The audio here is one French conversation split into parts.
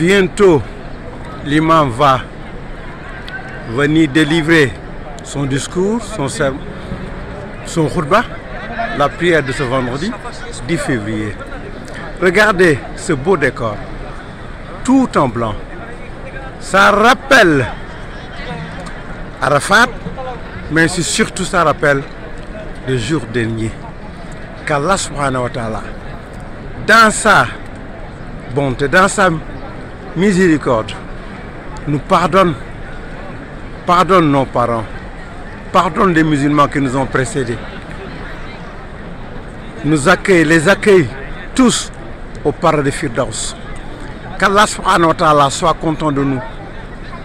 Bientôt, l'imam va venir délivrer son discours, son, son la prière de ce vendredi 10 février. Regardez ce beau décor, tout en blanc. Ça rappelle Arafat, mais c'est surtout ça rappelle le jour dernier. Qu'Allah subhanahu wa ta'ala, dans sa bonté, dans sa miséricorde, nous pardonne, pardonne nos parents, pardonne les musulmans qui nous ont précédés. Nous accueillons... les accueille tous au paradis Firdaus. Qu'Allah soit content de nous,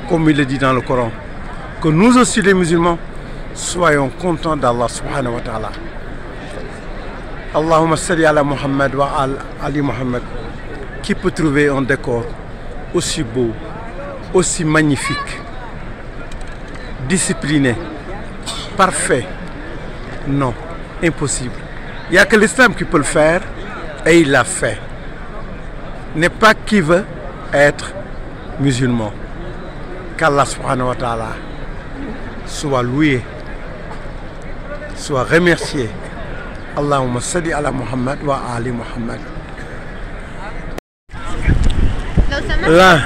comme il le dit dans le Coran. Que nous aussi les musulmans soyons contents d'Allah subhanahu wa ta'ala. Allahumma salli ala Muhammad wa Ali Muhammad. Qui peut trouver un décor aussi beau, aussi magnifique, discipliné, parfait. Non, impossible. Il n'y a que l'islam qui peut le faire et il l'a fait. N'est pas qui veut être musulman. Qu'Allah subhanahu wa soit loué, soit remercié. Allahumma salli ala Muhammad wa ali Muhammad. Là,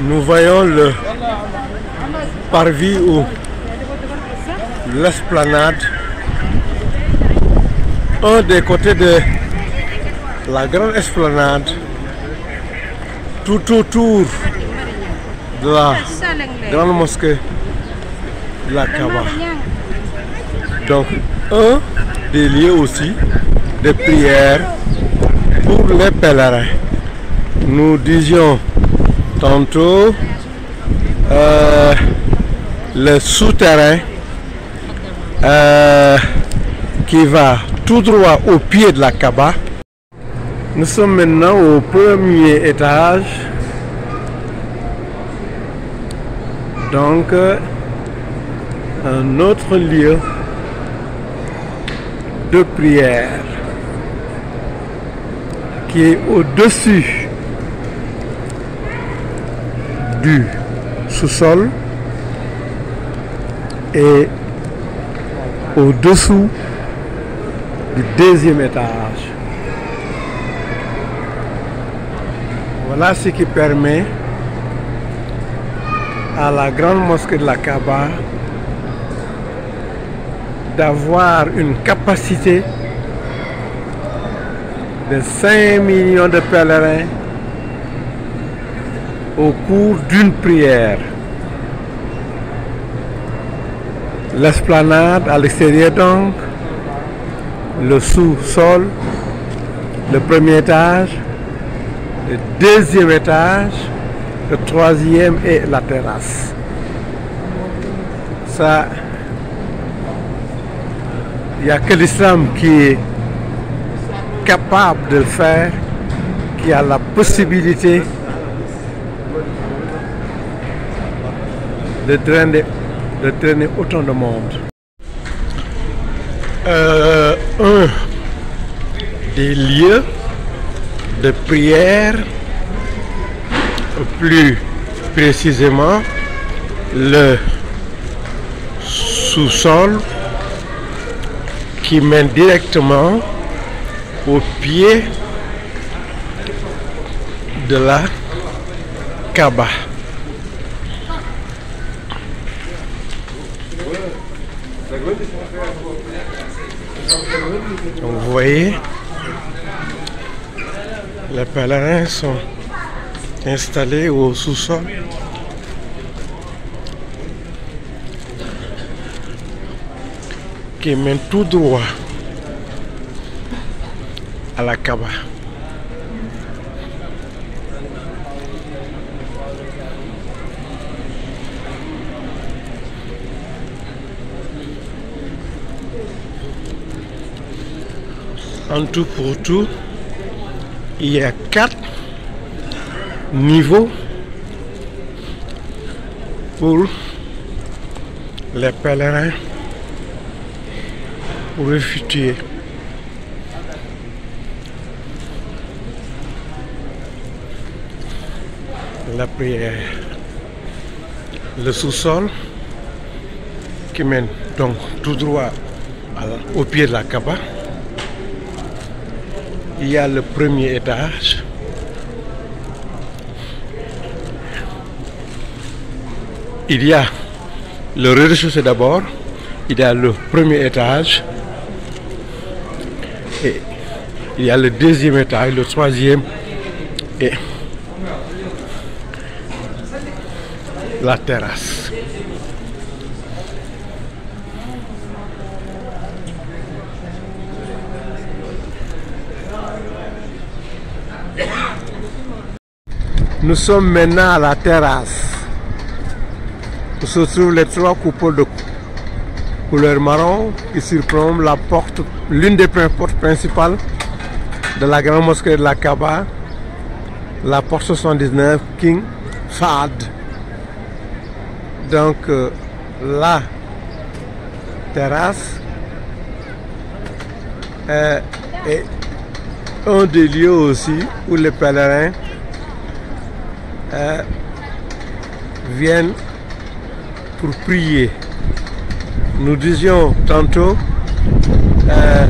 nous voyons le parvis ou l'esplanade, un des côtés de la grande esplanade, tout autour de la grande mosquée de la Kaaba. Donc, un des lieux aussi de prière pour les pèlerins nous disions tantôt, euh, le souterrain euh, qui va tout droit au pied de la Kaba. Nous sommes maintenant au premier étage. Donc, euh, un autre lieu de prière qui est au-dessus sous-sol et au-dessous du deuxième étage. Voilà ce qui permet à la grande mosquée de la Kaaba d'avoir une capacité de 5 millions de pèlerins au cours d'une prière. L'esplanade à l'extérieur donc, le sous-sol, le premier étage, le deuxième étage, le troisième et la terrasse. Ça, il n'y a que l'islam qui est capable de le faire, qui a la possibilité de traîner, de autant de monde euh, Un des lieux de prière, plus précisément le sous-sol qui mène directement au pied de la Kaaba. vous voyez, les pèlerins sont installés au sous-sol. qui mène tout droit à la cabane. en tout pour tout, il y a quatre niveaux pour les pèlerins ou effectuer La prière, le sous-sol qui mène donc tout droit au pied de la cabane il y a le premier étage. Il y a le rez-de-chaussée d'abord, il y a le premier étage, et il y a le deuxième étage, le troisième, et la terrasse. Nous sommes maintenant à la terrasse. Où se trouvent les trois coupeaux de couleur marron qui surplombent la porte, l'une des portes principales de la grande mosquée de la Kaaba, la porte 79 King Fahd. Donc euh, la terrasse est un des lieux aussi où les pèlerins euh, viennent pour prier. Nous disions tantôt euh,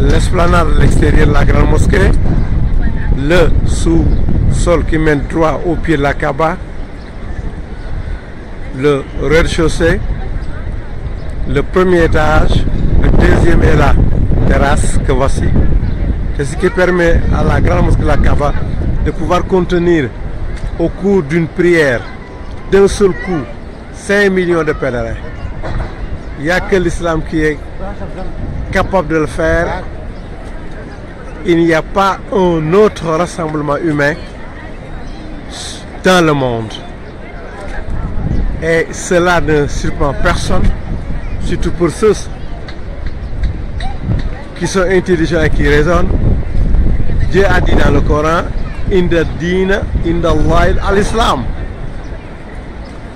l'esplanade à l'extérieur de la grande mosquée, le sous-sol qui mène droit au pied de la Kaaba, le rez-de-chaussée, le premier étage, le deuxième est la terrasse que voici. C'est ce qui permet à la grande mosquée de la Kaaba de pouvoir contenir au cours d'une prière, d'un seul coup, 5 millions de pèlerins. Il n'y a que l'islam qui est capable de le faire. Il n'y a pas un autre rassemblement humain dans le monde. Et cela ne surprend personne, surtout pour ceux qui sont intelligents et qui raisonnent. Dieu a dit dans le Coran, in the dina in the light al islam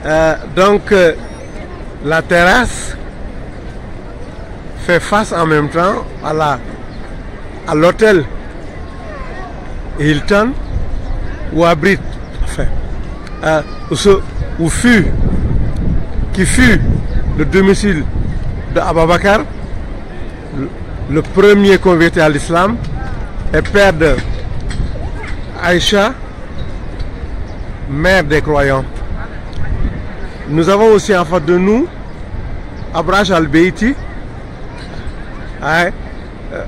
uh, donc euh, la terrasse fait face en même temps à la à l'hôtel Hilton ou abrite enfin euh, où, fut qui fut le domicile de Ababakar, le, premier converti à l'islam et père de Aïcha, mère des croyants. Nous avons aussi en face de nous Abraj Al-Beiti, hein, euh,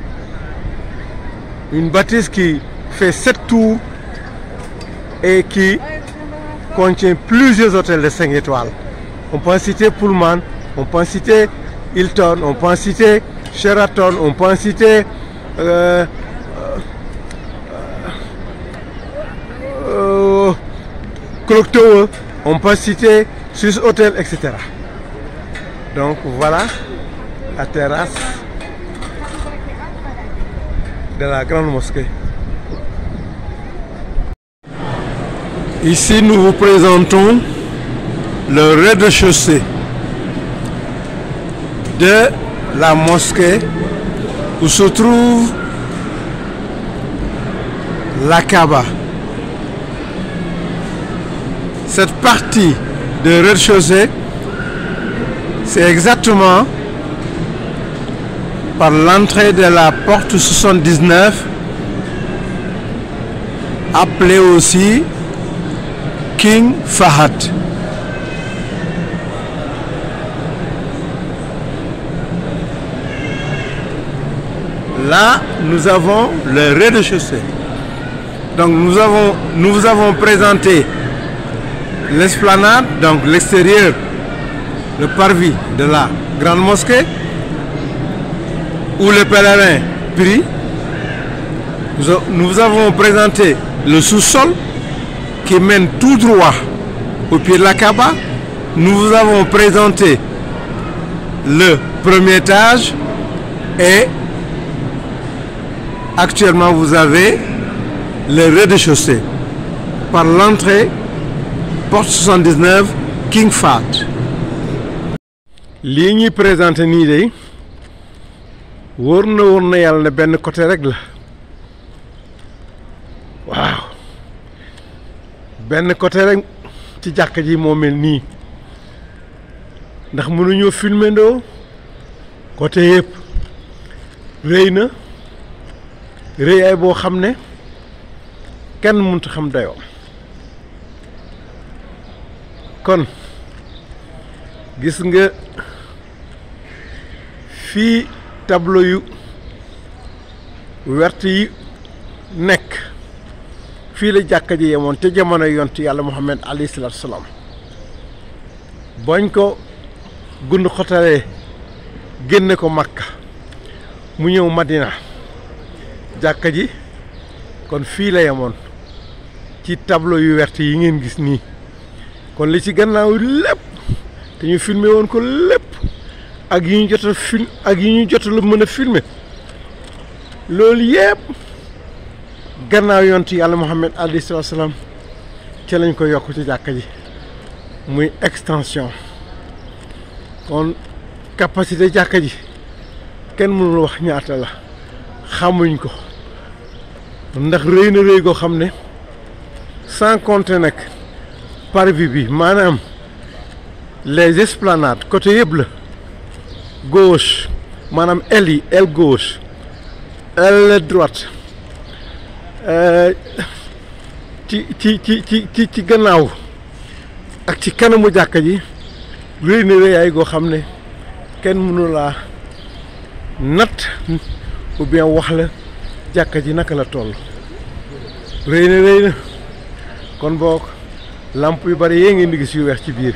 une bâtisse qui fait sept tours et qui contient plusieurs hôtels de 5 étoiles. On peut citer Pullman, on peut en citer Hilton, on peut en citer Sheraton, on peut citer euh, Hein. on peut citer sus Hotel, etc. Donc voilà la terrasse de la grande mosquée. Ici, nous vous présentons le rez-de-chaussée de la mosquée où se trouve la Kaaba cette partie de rez-de-chaussée, c'est exactement par l'entrée de la porte 79, appelée aussi King Fahad. Là, nous avons le rez-de-chaussée. Donc nous, avons, nous vous avons présenté l'esplanade, donc l'extérieur, le parvis de la grande mosquée, où les pèlerins prient. Nous avons présenté le sous-sol qui mène tout droit au pied de la Kaaba. Nous vous avons présenté le premier étage et actuellement vous avez le rez-de-chaussée par l'entrée porte 79 lii ñuy présenté nii de wóor na wóor na yàlla ne benn côté rek la waaw benn côté rek ci jàkk ji moo mel nii ndax mënuñoo filmer ndoo côté yëpp rëy na rëyaay boo xam ne kenn mënut xam dayoo kon gis nga fii tableau yu wert yi nekk fii la jàkka ji yemoon te jamono yont yàlla Muhammad alayhi salaatu salaam bañ ko gund xotalee génne ko Makka mu ñëw Madina jàkka ji kon fii la yemoon ci tableau yu wert yi ngeen gis nii kon li ci gannaaw lepp te ñu filmé ko lepp ak yi jot film ak yi jot mën a filmé loolu gannaaw yont yàlla Muhammad alayhi salaatu salaam lañ ko yokk ci ji muy extension kon capacité d'accueil, ji kenn mënul wax ñaata la xamuñ ko ndax rëy na rëy goo ne sans contre nag parvis bi maanaam les esplanades côté yëpp la gauche maanaam aile yi aile gauche aile droite euh, ci ci ci ci ci ci gannaaw ak ci kanamu jàkka ji réy ni réyaay goo xam ne kenn mënu laa natt ou bien wax la jàkka ji naka la toll réy na réy na kon boog làmp yu bari yee ngeen di gis weex ci biir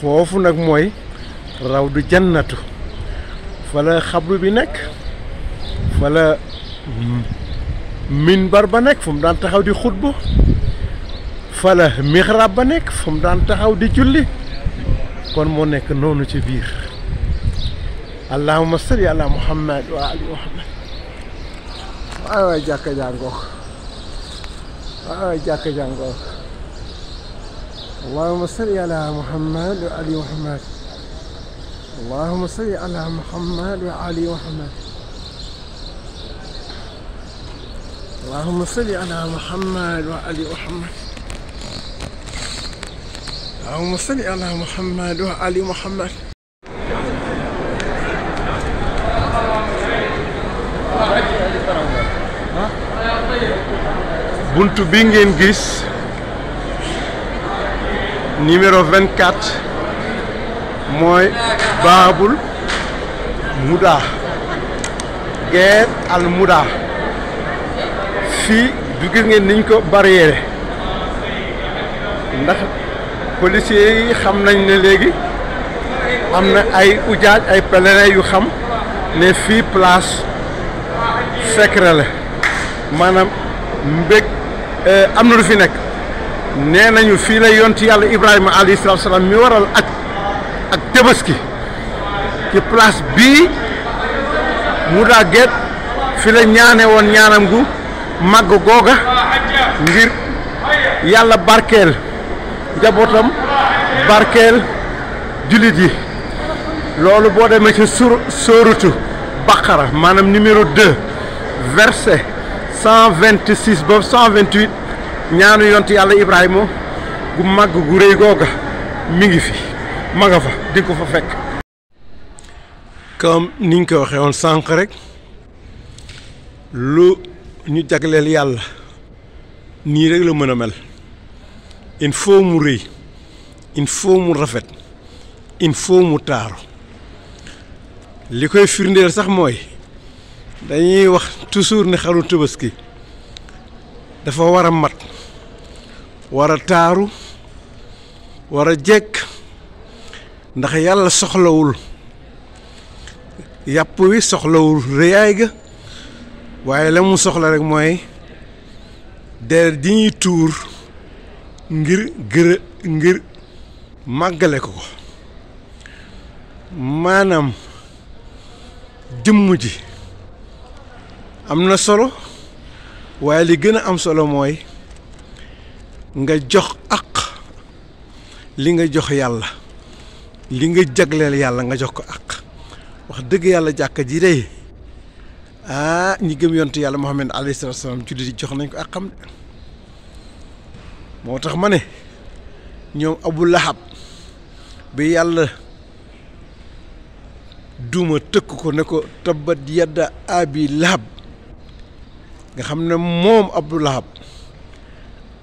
foofu nag mooy raw du jannatu fala xabru bi nekk fala minbar ba nekk fu daan taxaw di xutba fala mihrab ba nekk fu daan taxaw di julli kon moo nekk noonu ci biir allahumma salli ala muhammad wa ali jàkka jàngoo waay waay jàkka jàngoo اللهم صل على محمد وعلي محمد اللهم صل على محمد وعلي محمد اللهم صل على محمد وعلي محمد اللهم صل على محمد وعلي محمد بنتو بينجين ngeen numéro 24 mooy baabul muda guerre al muda fii du gis ngeen niñ ko barrière ndax policiers yi xam nañ ne léegi am na ay ujaaj ay pèlerins yu xam ne fi place secret la maanaam mbég euh, am na lu fi nekk nee nañu fii la yonti yàlla Ibrahima alayhi salaatu salaam mi waral ak ak Tabaski ci place bii mu daa fi la ñaane woon ñaanam gu màgg googa ngir yàlla barkeel njabootam barkeel jullit yi loolu boo demee ci sur sóoratu Baqara maanaam numéro deux verset cent vingt ba ñaanu yontu yàlla Ibrahima gu màgg gu rëy googa mi ngi fi ma fa di ko fa fekk. comme niñ ñu ko waxee woon sànq rek lu ñu jagleel yàlla nii rek la mën a mel in faut mu rëy il faut mu rafet in faut mu taaru li koy firndeel sax mooy dañuy wax toujours ne xaru tabaski dafa war a mat. war a taaru war jekk ndax yàlla soxlawul yàpp wi soxlawul rëyaay ga waaye la mu soxla rekk mooy deret di ñuy tuur ngir gërë ngir màggale ko ko maanaam jëmm ji am na solo waaye li gën a am solo mooy nga jox ak li nga jox yalla li nga jaglel yalla nga jox ko ak wax deug yalla jakka ji day ah ñi gëm yontu yalla Muhammad alayhi salatu wasalam ci di jox nañ ko ak xam de Lahab bi yalla, duma tekk ko ne ko tabbat yada abi lahab nga xamne mom moom Lahab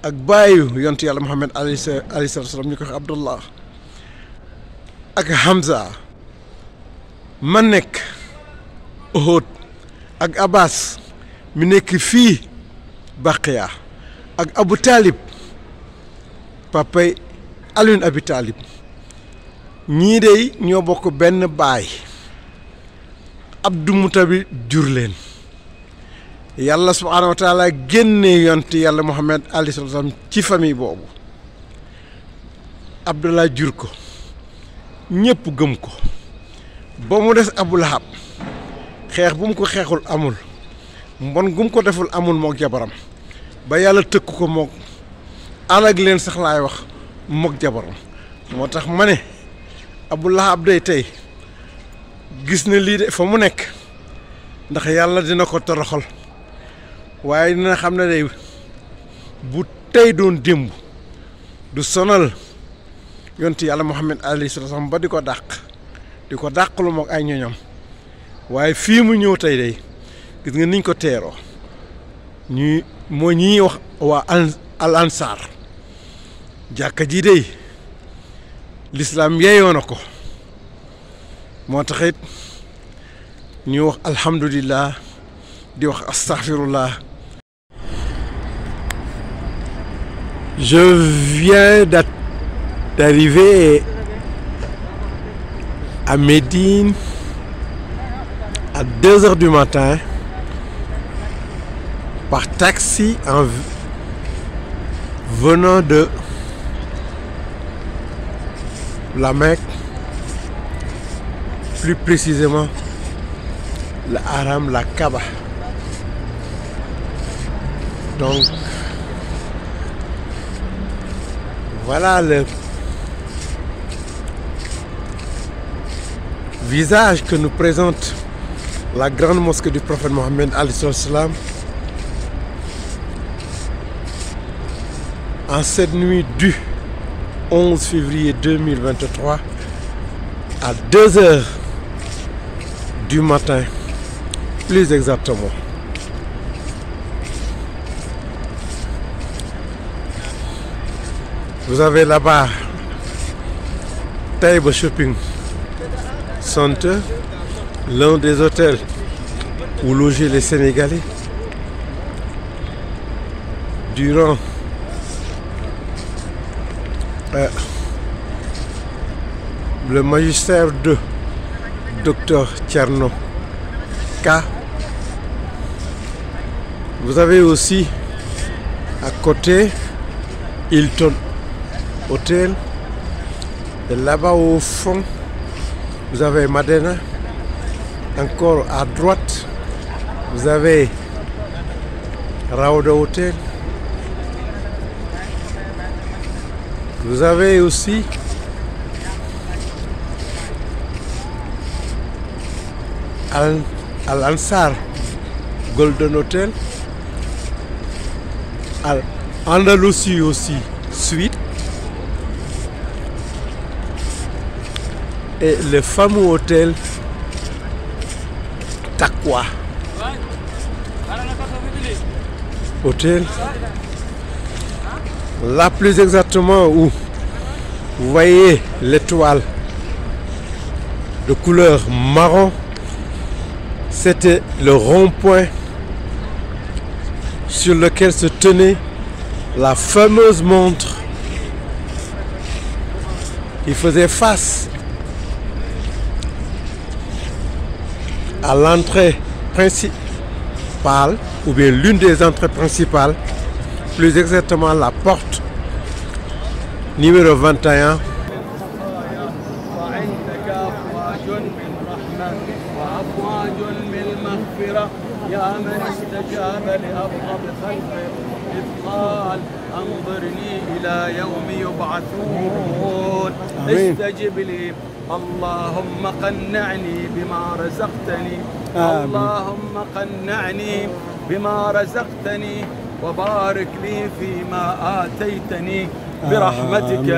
ak bàyyu yontu yàlla Muhammad alayhi salaatu salaam ñu ko wax Abdullah ak Hamza ma nekk Uhud ak Abbas mi nekk fii Baqiya ak Abu Talib papay Alioune Abi Talib ñii de ñoo bokk benn baay Abdou Moutalib jur leen yàlla subhaanahu wa taala génnee yonti yàlla Muhammad alayhi salaatu salaam ci famille boobu Abdullah jur ko ñépp gëm ko ba mu des Abu Lahab xeex bu mu ko xeexul amul mbon gu mu ko deful amul mook jabaram ba yàlla tëkk ko mook alag leen sax laay wax mook jabaram moo tax ma ne Abu Lahab day tey gis ne lii de fa mu nekk ndax yàlla dina ko toroxal waaye dina xam ne day bu tey doon démb du sonal yonti yàlla Muhammad alayhi salaam ba di ko dàq di ko dàqlu mook ay ñoñam waaye fii mu ñëw tey day gis nga niñ ko teeroo ñuy moo ñi wax waa al ansaar jàkka ji day lislaam yeyoo ko moo taxit ñuy wax alhamdulillah di wax astaghfirullah Je viens d'arriver à Médine à 2h du matin par taxi en venant de la Mecque, plus précisément la Haram, la Kaba. Donc, voilà le visage que nous présente la grande mosquée du prophète Mohammed en cette nuit du 11 février 2023 à 2 heures du matin, plus exactement. Vous avez là-bas Taibo Shopping Center, l'un des hôtels où loger les Sénégalais durant euh, le magistère de Dr Tcherno K. Vous avez aussi à côté Hilton hôtel. là-bas au fond, vous avez Madena. Encore à droite, vous avez Raoda Hotel. Vous avez aussi Al-Ansar Golden Hotel. Al-Andalusie aussi, suite. et le fameux hôtel Takwa. Hôtel. Là plus exactement où vous voyez l'étoile de couleur marron. C'était le rond-point sur lequel se tenait la fameuse montre qui faisait face à l'entrée principale, ou bien l'une des entrées principales, plus exactement la porte numéro 21. اللهم قنعني بما رزقتني آمين. اللهم قنعني بما رزقتني وبارك لي فيما آتيتني برحمتك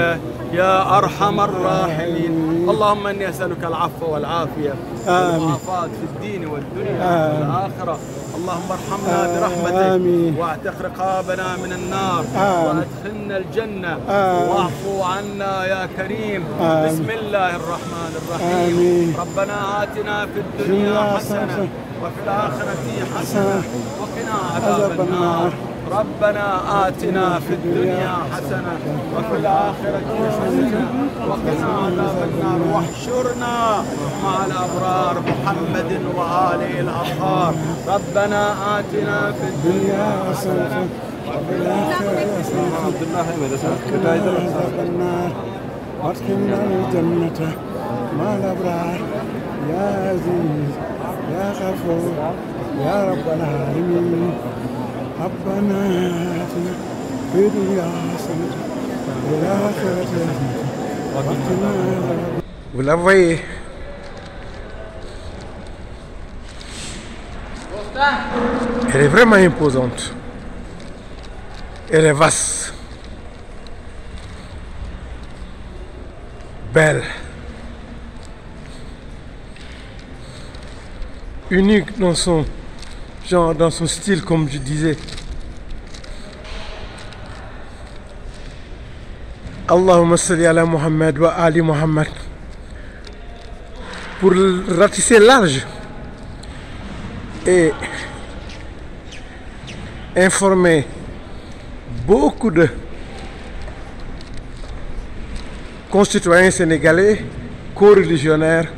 يا أرحم الراحمين اللهم أني أسألك العفو والعافية والمعافاة في الدين والدنيا والآخرة اللهم ارحمنا آه برحمتك آمين. واعتق رقابنا من النار آمين. وادخلنا الجنة آمين. واعفو عنا يا كريم آمين. بسم الله الرحمن الرحيم آمين. ربنا آتنا في الدنيا حسنة وفي الآخرة حسنة وقنا عذاب النار ربنا آتنا في الدنيا حسنة وفي الآخرة حسنة وقنا عذاب النار واحشرنا مع الأبرار محمد وآله الأطهار ربنا آتنا في الدنيا حسنة وفي الآخرة حسنة وقنا النار وادخلنا الجنة مع الأبرار يا عزيز يا غفور يا رب العالمين Vous la voyez Elle est vraiment imposante. Elle est vaste. Belle. Unique dans son genre, dans son style, comme je disais. Allahumma salli ala Muhammad wa ali Muhammad pour ratisser large et informer beaucoup de concitoyens sénégalais, co-religionnaires,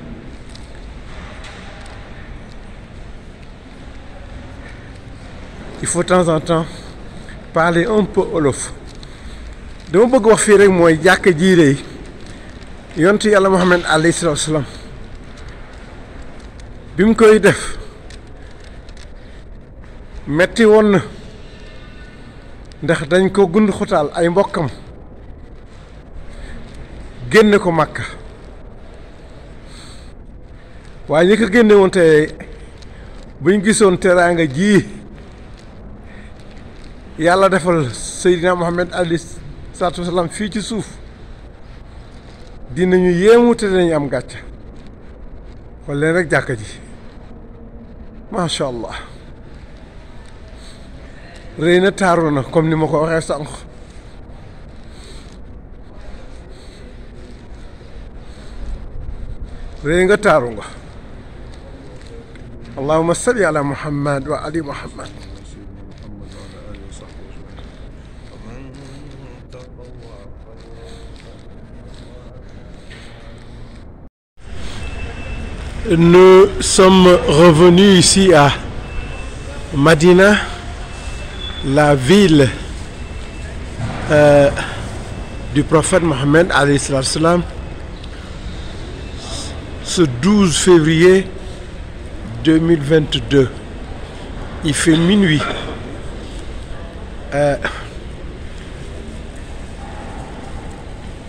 il faut de temps en temps parler un peu au lof dama bëgg wax fii rek mooy jàkk jiire yi yont yàlla muhammad alayhi salaatu bi mu koy def metti woon na ndax dañ ko gund xutaal ay mbokkam génne ko màkka waaye ñi ko génne woon tey buñ gisoon teraanga ji yàlla defal Seydina Muhammad alayhi salaatu wasalaam fii ci suuf dinañu yéemu te dinañu am gàcce xool leen rek jàkka ji macha allah rëy na taaru na comme ni ma ko waxee sànq rëy nga taaru nga allahuma salli ala muhammad wa ali muhammad Nous sommes revenus ici à Madina, la ville euh, du prophète Mohammed ce 12 février 2022. Il fait minuit. Euh,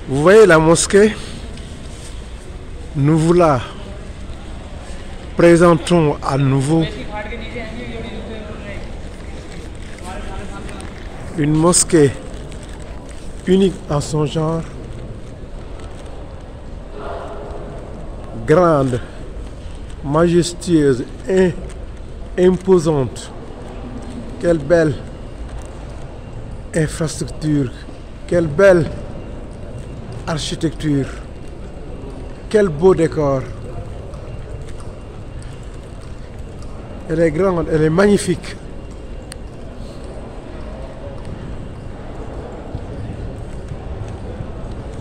vous voyez la mosquée Nous voulons présentons à nouveau une mosquée unique en son genre, grande, majestueuse et imposante. Quelle belle infrastructure, quelle belle architecture, quel beau décor. Elle est grande, elle est magnifique.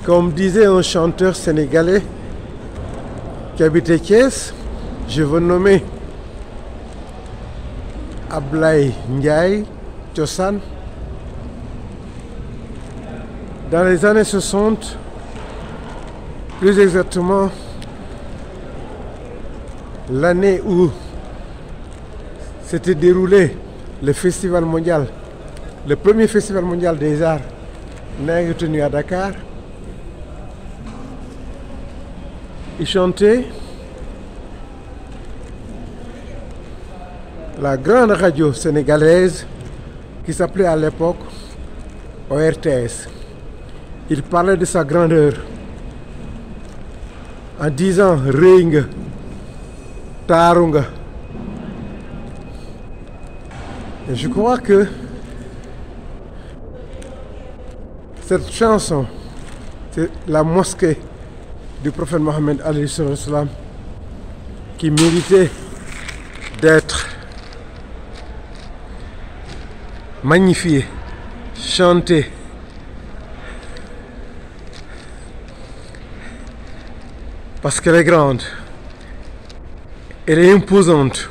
Comme disait un chanteur sénégalais qui habitait Caisses, je veux nommer Ablaï Ndiaye Tiosan. Dans les années 60, plus exactement l'année où c'était déroulé le festival mondial, le premier festival mondial des arts nègres tenu à Dakar. Il chantait la grande radio sénégalaise qui s'appelait à l'époque ORTS. Il parlait de sa grandeur en disant Ring, Tarunga je crois que cette chanson, c'est la mosquée du prophète Mohammed qui méritait d'être magnifiée, chantée. Parce qu'elle est grande, elle est imposante.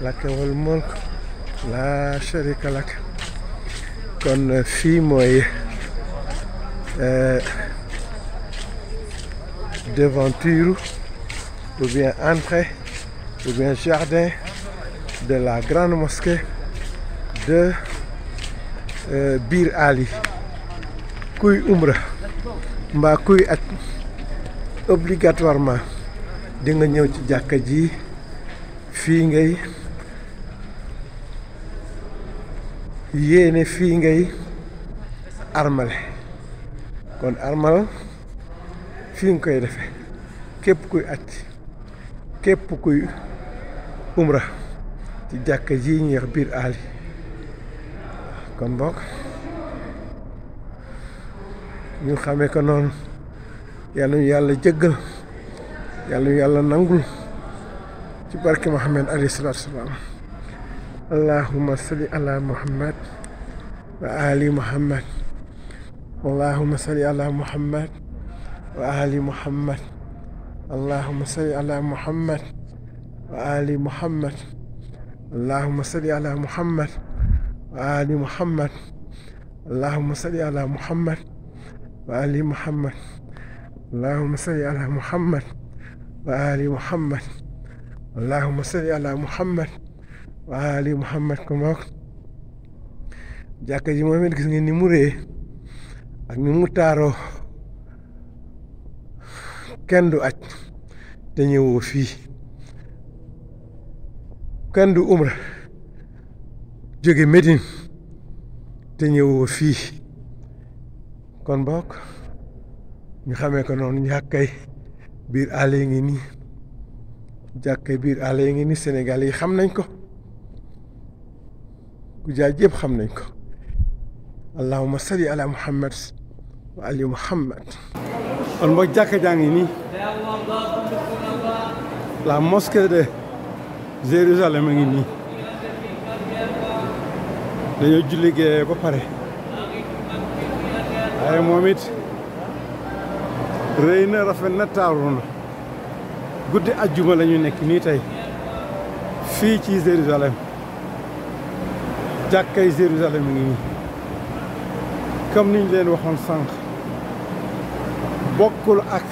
La wal la laa sharika comme fille moi, devanture ou bien entrée ou bien jardin de la grande mosquée de euh, Bir Ali kuy umra ma kuy obligatoirement d'ingénieur de ñëw ci yéene fii ngay armale kon armal fii nga koy defe képp kuy aj képp kuy umra ci jàkka ji ñuy biir aali kon bokk ñu xamee ko noonu yàlla ñu yàlla jëggal yàlla ñu yàlla nangul ci barke Muhammad alayhi salaatu salaam اللهم صل على محمد وآل محمد اللهم صل على محمد وآل محمد اللهم صل على محمد وآل محمد اللهم صل على محمد وآل محمد اللهم صل على محمد وآل محمد اللهم صل على محمد وآل محمد اللهم صل على محمد waa ali Mouhamed kon boog jàkka ji moom gis ngeen ni mu ree ak ni mu taaroo kenn du aj te ñëwoo fii kenn du umra jóge Médine te ñëwoo fii kon boog ñu xamee ko noonu jàkkay biir àll yi ngi nii jàkkay biir àll yi ngi nii Sénégal yi xam nañ ko جاجيب خمنيكو اللهم صل على محمد وعلي محمد المجاكة جانيني لا موسكة دي زيروزالي مغيني لأي جلقة بباري أي موميت رينا رفن نتارونا قد أجوما لنيو نكنيتاي في تشي زيروزالي مغيني جاكاي جيروزاليم ني كوم ني نلن وخون سانخ بوكول اك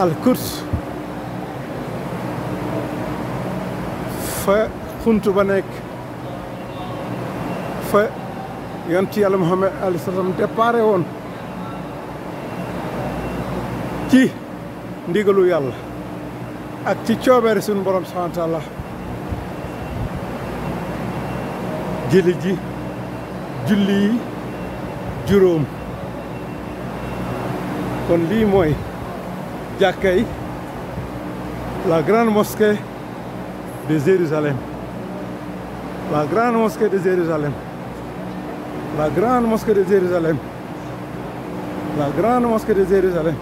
الكورس ف خونتو بانيك ف يونتي يالا محمد عليه الصلاه والسلام ديباري وون تي ديغلو يالا ak ci une sunu borom de wa taala la grande mosquée de Jérusalem la grande mosquée de Jérusalem la grande mosquée de Jérusalem la grande mosquée de Jérusalem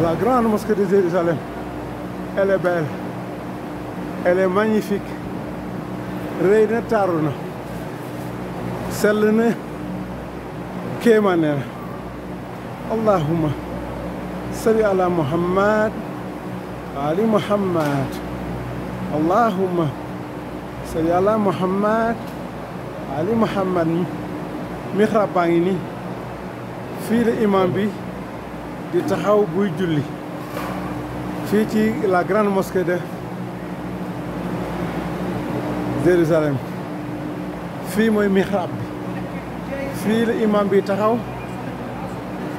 la grande mosquée de Jérusalem, elle est belle, elle est magnifique. Reine Taruna. celle-là, quelle Allahumma. Salut Allah muhammad ali muhammad allahuma Salut ala muhammad ali muhammad mihrab Fille Fili Imambi. di taxaw buy julli fi ci la grande mosquée de Jérusalem fii mooy mihrab bi fii la imam bi taxaw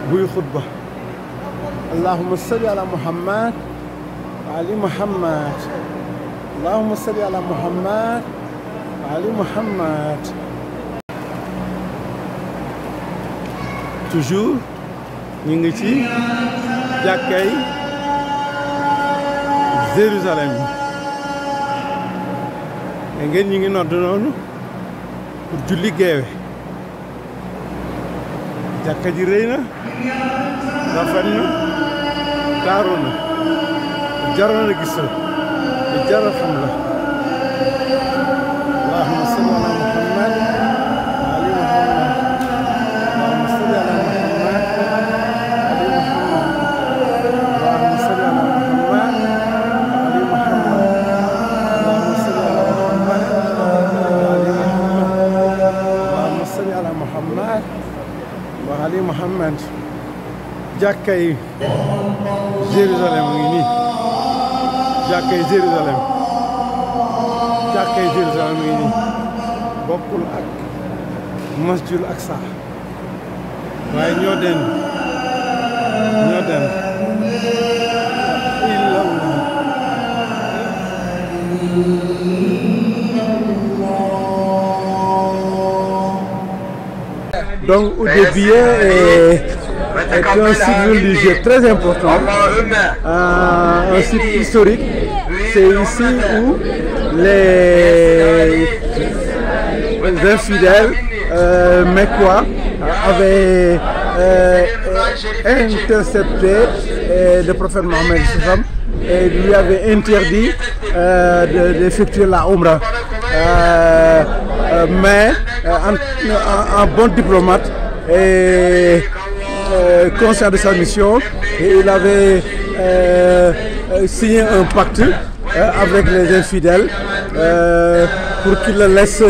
buy xutba allahuma salli ala muhammad ali muhammad allahuma salli ala muhammad ali muhammad toujours ñu ngi ci jàkkay Jérusalem da ngeen ñu ngi nodd noonu pour julli geewe jàkka ji rëy na rafet na taaru na jaroon a gis jara xam jàkka yi Jérusalem ngi nii jàkka yi Jérusalem jàkka yi Jérusalem ngi nii bokkul ak masjidul Aqsa waaye ñoo den ñoo den Donc C'est un site religieux très important, un euh, site historique. C'est ici où les infidèles euh, quoi avaient euh, euh, intercepté le prophète Mohammed et lui avait interdit d'effectuer la Ombra. mais un bon diplomate, et euh, conscient de sa mission et il avait euh, euh, signé un pacte avec les infidèles pour qu'il le laissent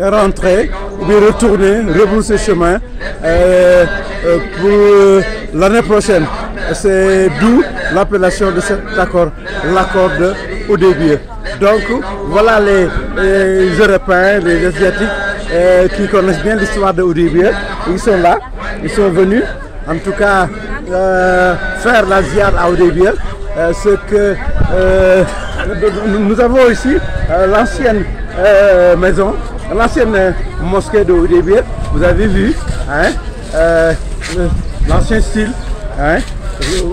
rentrer, ou retourner, rebrousser chemin pour l'année prochaine. C'est d'où l'appellation de cet accord, l'accord de Odébieux. Donc voilà les, Européens, les Asiatiques qui connaissent bien l'histoire de Odébieux. Ils sont là, ils sont venus en tout cas euh, faire la ziar à Oudébia, ce que euh, nous avons ici euh, l'ancienne maison, l'ancienne mosquée de vous avez vu, hein, l'ancien style, hein,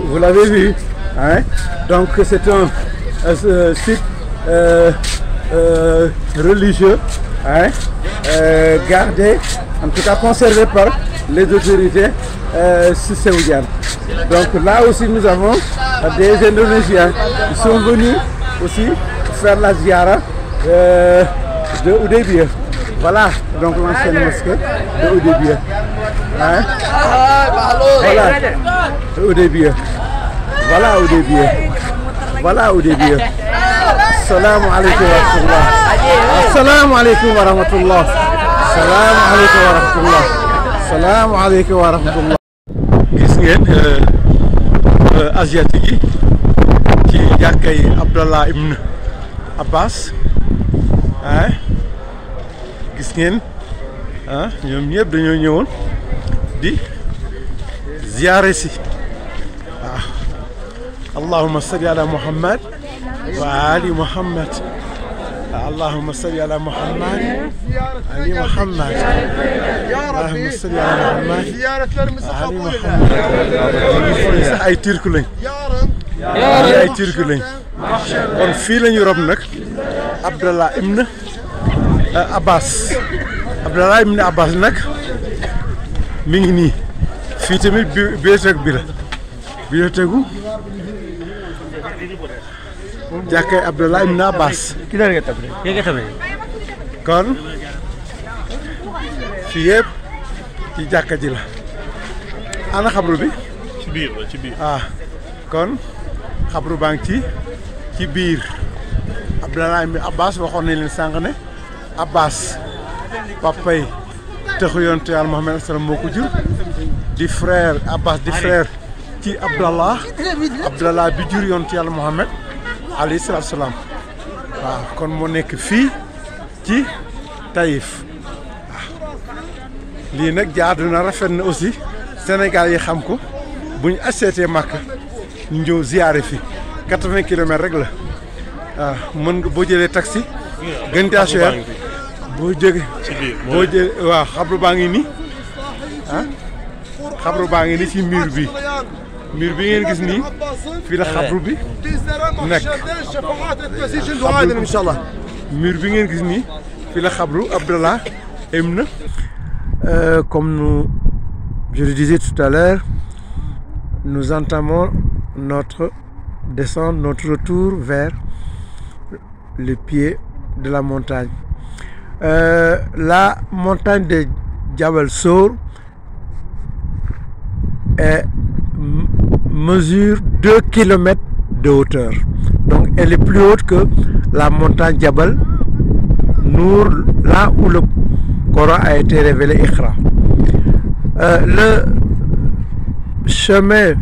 vous, l'avez vu, hein. donc c'est un site religieux, hein, gardé, en tout cas conservé par les autorités euh, sur Donc là aussi, nous avons des Indonésiens qui sont venus aussi faire la ziara euh, de Oudébia. Voilà, donc l'ancienne mosquée de Oudébia. Hein? Voilà, Oudébia. Voilà Oudébia. Voilà Oudébia. Salam alaikum wa Salam alaikum wa rahmatullah. Salam alaikum wa rahmatullah. Salam alaikum wa rahmatullah. ngeen euh, euh, asiatique yi ci jàkkay Abdallah ibn Abbas ah gis ngeen ah ñoom ñëpp di Ziarah si allahumma salli ala muhammad wa ali muhammad اللهم صل على محمد علي محمد اللهم صل على محمد علي محمد ay Turk lañ ñi ay Turk lañ kon fii lañu rob nag Abdallah ibn Abbas Abdallah ibn Abbas nag mi ngi nii fii tamit bibliothèque bi la bibliothèque jaka Abdullah ইবনে Abbas. কিদার গেতা bre ya? গেতা bre কোন CF Jila. jàkka ji ana xabru bi ci biir ci ah kon xabru bang ngi ci ci biir abdallah ibn abbas waxoon nañ leen sànq ne abbas papay taxu yonte yàlla mohamed salam moo ko jur di frère abbas di frère ci abdallah abdallah bi jur yonte yàlla alayhi salaam waaw kon moo nekk fii ci Taïf lii nag jaadu na rafet na aussi Sénégal yi xam ko bu ñu aseetee Màkka ñu ñëw ziyaare fii quatre-vingts rek la mën nga boo jëlee taxi. gën caa boo jógee boo xabru baa ngi nii ah xabru baa ngi nii ci mur bii miir bi ngeen gis nii comme nous, je le disais tout à l'heure, nous entamons notre descente, notre retour vers le pied de la montagne. Euh, la montagne de Jabal Sour est mesure 2 km de hauteur. Donc elle est plus haute que la montagne diable Nour, là où le Coran a été révélé Ikhra. Euh, le chemin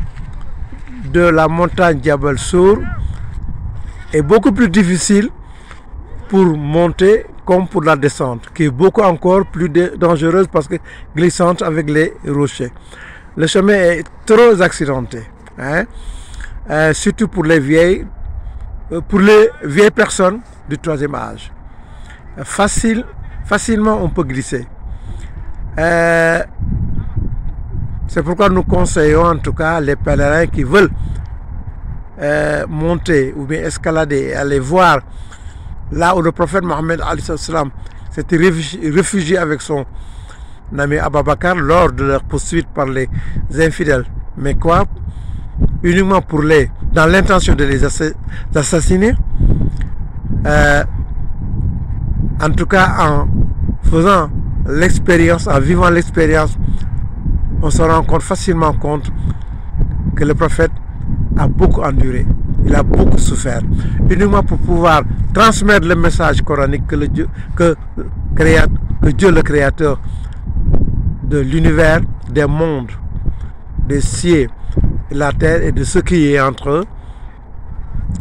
de la montagne diable Sour est beaucoup plus difficile pour monter comme pour la descente, qui est beaucoup encore plus dangereuse parce que glissante avec les rochers. Le chemin est trop accidenté. Hein. Euh, surtout pour les vieilles, euh, pour les vieilles personnes du troisième âge. Facile, facilement on peut glisser. Euh, c'est pourquoi nous conseillons en tout cas les pèlerins qui veulent monter ou bien escalader et aller voir là où le prophète Mohammed s'était réfugié avec son ami Ababakar lors de leur poursuite par les infidèles. Mais quoi uniquement pour les, dans l'intention de les assassiner, euh, en tout cas en faisant l'expérience, en vivant l'expérience, on se rend compte facilement compte que le prophète a beaucoup enduré, il a beaucoup souffert, uniquement pour pouvoir transmettre le message coranique que, le Dieu, que, que Dieu le Créateur de l'univers, des mondes, des cieux, la terre et de ce qui est entre eux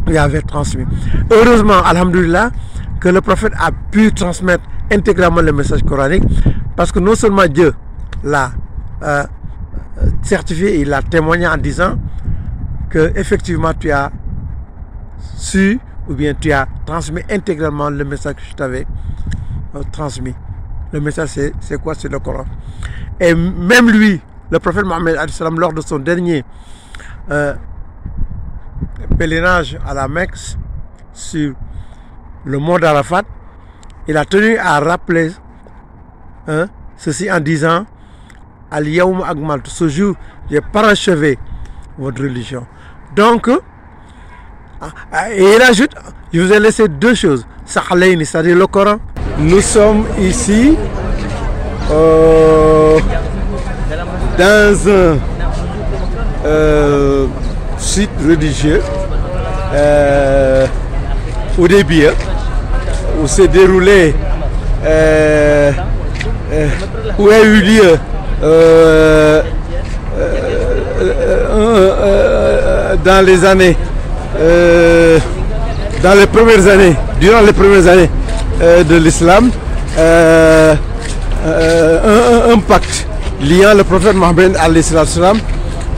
lui avait transmis. Heureusement, Alhamdulillah, que le prophète a pu transmettre intégralement le message coranique parce que non seulement Dieu l'a euh, certifié, il a témoigné en disant que effectivement tu as su ou bien tu as transmis intégralement le message que je t'avais euh, transmis. Le message c'est quoi C'est le Coran. Et même lui, le prophète Mohammed lors de son dernier un pèlerinage à la Mecque sur le mont d'Arafat, il a tenu à rappeler hein, ceci en disant Al Yaoum Agmal ce jour, j'ai parachevé votre religion. Donc, euh, et il ajoute Je vous ai laissé deux choses, c'est-à-dire le Coran. Nous sommes ici euh, dans un. Euh, site sites religieux euh, au début, où s'est déroulé, euh, euh, où a eu lieu dans les années, dans les premières années, durant les premières années de l'islam, un, pacte liant le prophète Mohammed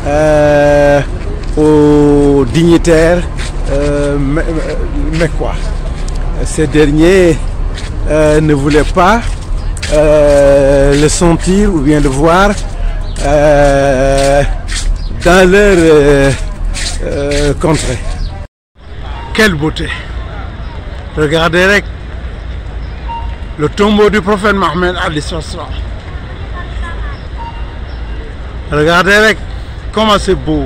euh, aux dignitaires euh, euh, mais quoi Ces derniers ne voulaient pas le sentir ou bien le voir dans leur contrée. Quelle beauté Regardez le tombeau du prophète Mohammed Regardez Comment c'est beau.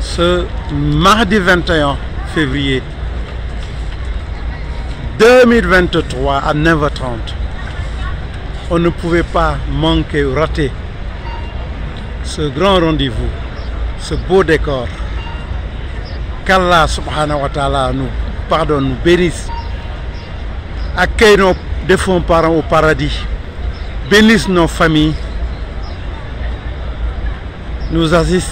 Ce mardi 21 février 2023 à 9h30, on ne pouvait pas manquer ou rater ce grand rendez-vous, ce beau décor. Qu'Allah subhanahu wa ta'ala nous pardonne, nous bénisse. Accueille nos défunts parents au paradis. Bénisse nos familles nous assiste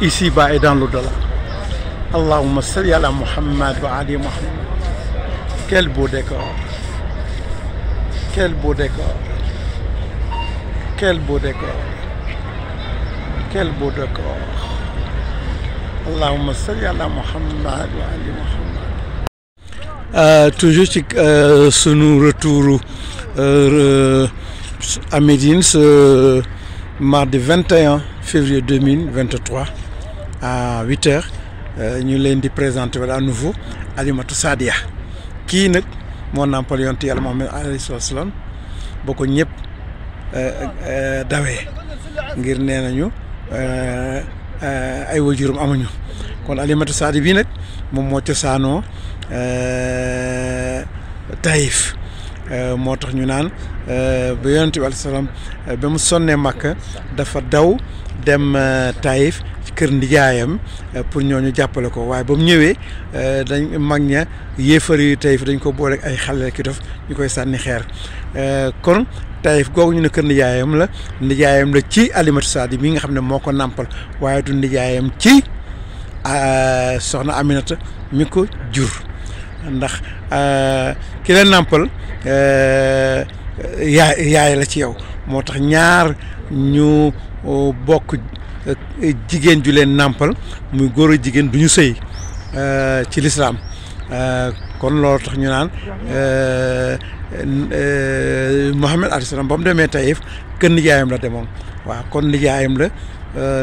ici-bas et dans l'au-delà. Allahumma salli ala Muhammad wa Ali Muhammad. Quel beau décor. Quel beau décor. Quel beau décor. Quel beau décor. Allahumma salli ala Muhammad wa Ali Muhammad. Euh, toujours euh, sur nos retours euh, à Médine, ce mardi 21 février 2023 à 8 h euh, ñu leen di présenter à nouveau Alimatu Sadia qui nag moo nàmpal yonent yàlla Muhammad alayhi salaam boo ko ñëpp euh, euh, dawee ngir nee nañu ay wajurum amuñu kon Alimatu Sadia nak mom mo moo euh taif Euh, moo tax ñu naan euh, ba yonent bi aleyhi salaam euh, ba mu sonnee Makka dafa daw dem Taïf ci kër ndijaayam pour ñu jàppale ko waaye ba mu ñëwee dañ mag ña yéefar yu Taïf dañ ko boole ay xale ki dof ñu koy sànni xeer kon Taïf googu ñu ne kër ndijaayam la ndijaayam la ci Alimatu Saadi mi nga xam ne moo ko nàmpal waaye du ndijaayam ci soxna Aminata mi ko jur ndax ki la nàmpal yaay yaay la ci yow moo tax ñaar ñu bokk jigéen ju leen nàmpal muy góor a jigéen du ñu sëy ci lislaam kon loolu tax ñu naan Muhammad alayhi salaam ba mu demee Taïf kën nijaayam la demoon waaw kon nijaayam la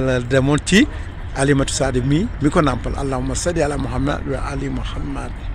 la demoon ci alimatu saadi mi mi ko nàmpal allahumma salli ala muhammad wa ali muhammad